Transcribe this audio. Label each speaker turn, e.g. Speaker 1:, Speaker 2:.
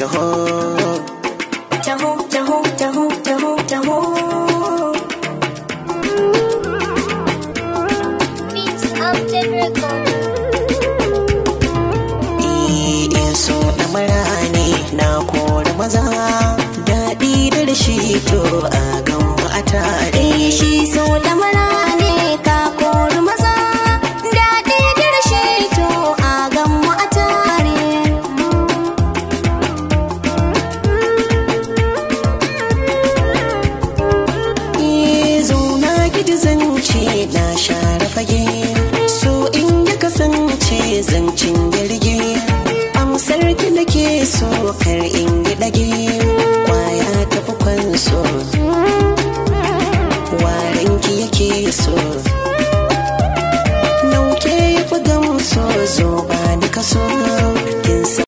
Speaker 1: taho taho taho taho taho taho so na marani na kora maza ji zance na share fage so in ya kasance zancen yarge amsar ki nake so kar in yi dage kwaya ta bukwan so waren ki yake so nauke ya fi gamso zo ba ni kaso